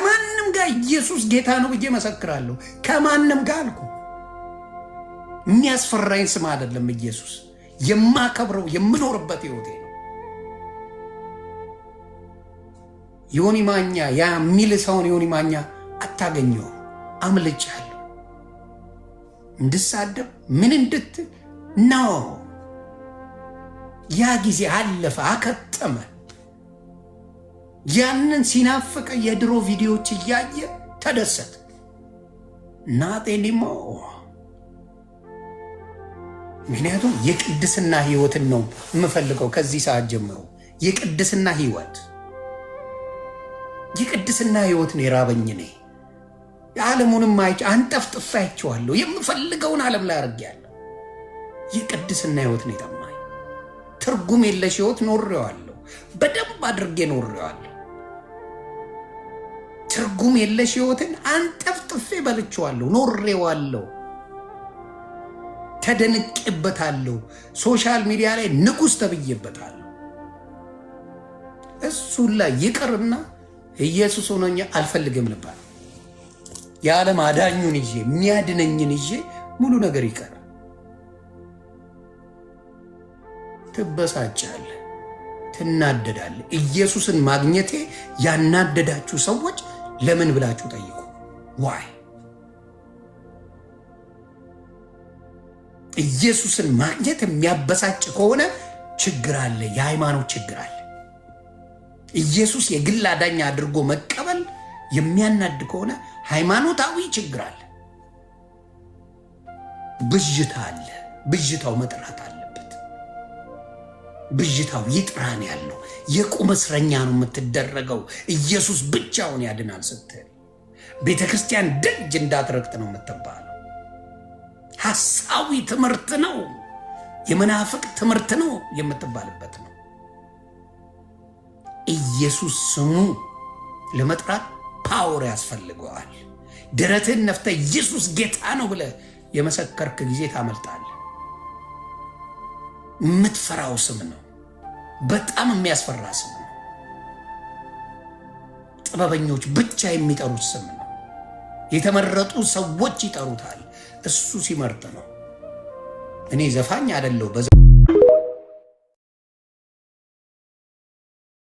ከማንም ጋር ኢየሱስ ጌታ ነው ብዬ መሰክራለሁ። ከማንም ጋር አልኩ። የሚያስፈራኝ ስም አይደለም ኢየሱስ፣ የማከብረው የምኖርበት ህይወቴ ነው። ዮኒ ማኛ ያ የሚል ሰውን ዮኒ ማኛ አታገኘው። አምልጫለሁ እንድሳደብ ምን እንድት ነው ያ ጊዜ አለፈ፣ አከተመ። ያንን ሲናፍቅ የድሮ ቪዲዮዎች እያየ ተደሰት። ናጤ ሊሞ ምክንያቱም የቅድስና ህይወትን ነው የምፈልገው። ከዚህ ሰዓት ጀምሮ የቅድስና ህይወት የቅድስና ህይወት ነው የራበኝ። እኔ የዓለሙንም አይቼ አንጠፍጥፋያቸዋለሁ። የምፈልገውን ዓለም ላይ አድርጌያለሁ። የቅድስና ህይወት ነው የጠማኝ። ትርጉም የለሽ ህይወት ኖሬዋለሁ። በደንብ አድርጌ ኖሬዋለሁ። ትርጉም የለሽ ህይወትን አንጠፍጥፌ በልቼዋለሁ፣ ኖሬዋለሁ፣ ተደንቄበታለሁ። ሶሻል ሚዲያ ላይ ንጉሥ ተብዬበታለሁ። እሱን ላይ ይቅርና ኢየሱስ ሆነኛ አልፈልግም ልባል የዓለም አዳኙን ይዤ የሚያድነኝን ይዤ ሙሉ ነገር ይቀር። ትበሳጫለ፣ ትናደዳለ። ኢየሱስን ማግኘቴ ያናደዳችሁ ሰዎች ለምን ብላችሁ ጠይቁ። ዋይ ኢየሱስን ማግኘት የሚያበሳጭ ከሆነ ችግር አለ፣ የሃይማኖት ችግር አለ። ኢየሱስ የግል አዳኝ አድርጎ መቀበል የሚያናድ ከሆነ ሃይማኖታዊ ችግር አለ፣ ብዥታ አለ፣ ብዥታው መጥራት አለ። ብዥታው ይጥራን ያለው የቁም እስረኛ ነው የምትደረገው። ኢየሱስ ብቻውን ያድናል ስትል ቤተ ክርስቲያን ደጅ እንዳትረግጥ ነው የምትባለው። ሐሳዊ ትምህርት ነው፣ የመናፍቅ ትምህርት ነው የምትባልበት ነው። ኢየሱስ ስሙ ለመጥራት ፓወር ያስፈልገዋል። ደረትህን ነፍተ ኢየሱስ ጌታ ነው ብለ የመሰከርክ ጊዜ ታመልጣለህ። የምትፈራው ስም ነው። በጣም የሚያስፈራ ስም ነው። ጥበበኞች ብቻ የሚጠሩት ስም ነው። የተመረጡ ሰዎች ይጠሩታል። እሱ ሲመርጥ ነው። እኔ ዘፋኝ አይደለሁ።